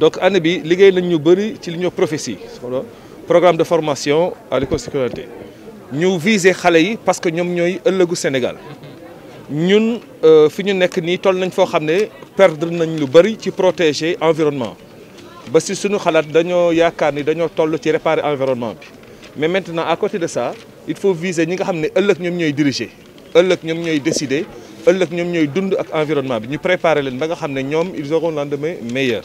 donc année bi liggéey nañ ñu bëri ci li ñoo prophétie programme de formation à léco sécurité. ñu viser xalé yi parce que ñom ñoy ëllëgu Sénégal ñun euh, fi ñu nek ni toll nañ fo xamné perdre nañ lu bëri ci protéger environnement ba si suñu xalaat dañoo yaakaar ni dañoo toll ci réparer environnement bi mais maintenant à côté de ça il faut viser ñi nga xamné ne ñom ñoy diriger ëllëg ñom ñoy décider ëllëg ñom ñoy dund ak environnement bi ñu préparer leen ba nga xamné ñom ils auront lendemain meilleur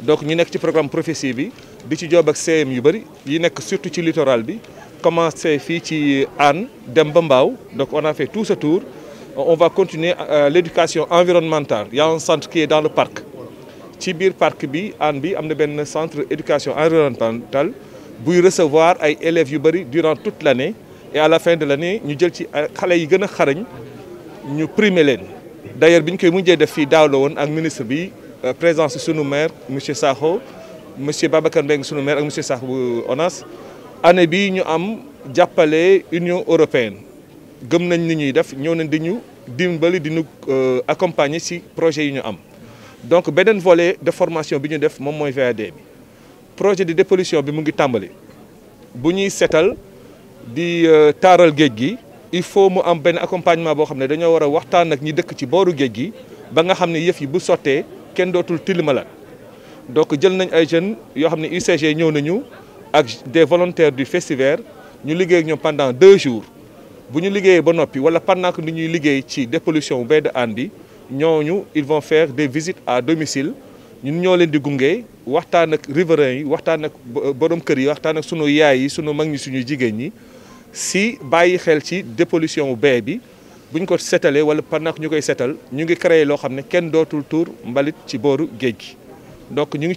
donc ñu nekk ci programme prophétie bi avons ci joob ak CM yu bëri yi nekk surtout ci littoral bi commencé ici à Anne, dem ba donc on a fait tout ce tour on va continuer euh, l'éducation environnementale il y a un centre qui est dans le parc ci biir parc bi Hann bi am na centre éducation environnementale buy recevoir ay élèves durant toute l'année et à la fin de l'année nous jël ci plus euh, yi nous xarañ ñu primer d'ailleurs nous avons koy mujjee def fii le ministre Euh, présence sunu maire monsieur Sakho monsieur Babacar Mbengue sunu maire ak monsieur Sakho bu ONAS année bi ñu am jàppale Union européenne gëm nañ ni ñuy def ñëw nañ di ñu dimbali di ñu euh, accompagner si projet yi ñu am donc beneen volet de formation bi ñu def moom mooy VAD bi projet de dépollution bi mu ngi tàmbali bu ñuy seetal di euh, taaral géej gi il faut mu am benn accompagnement boo xam ne dañoo war a waxtaan ak ñi dëkk ci booru géej gi ba nga xam ne yëf yi bu sottee kenn dootul tilimala donc jël nañ ay jeunes yoo xam ne UCG ñëw nañu ak des volontaires du Festi'Vert ñu liggéey ak ñoom pendant deux jours bu ñu liggéeyee ba noppi wala pendant que ñuy liggéey ci dépollution baie de andi bi ñooñu ils vont faire des visites à domicile ñun ñoo leen di gunge waxtaan ak riverains yi waxtaan ak borom kër yi waxtaan ak sunu yaay yi sunu mag ñi suñu jigéen ñi si bàyyi xel ci dépollution baie bi. Si ko sétalé wala pendant créé lo xamné qui kenn dootul tour mbalit donc ñu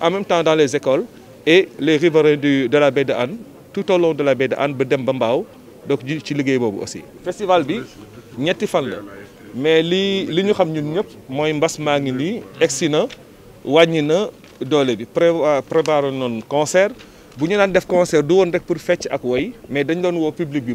en même temps dans les écoles et les riverains de la baie de Anne, tout au long de la baie de Anne, ba dem ba Mbao donc ci liggéey aussi. festival est ñetti fan mais li que nous xam ñun ñëpp mooy mbas doole concert bu ñu def concert pour ak mais dañ doon woo public bi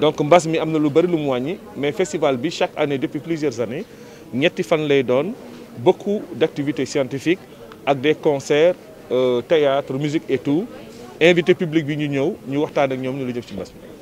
donc Mbassmi mi lu bari lu mais festival chaque année depuis plusieurs années ñetti fan lay beaucoup d'activités scientifiques avec des concerts euh, théâtre musique et tout invité public bi ñu ñëw ñu waxtaan ak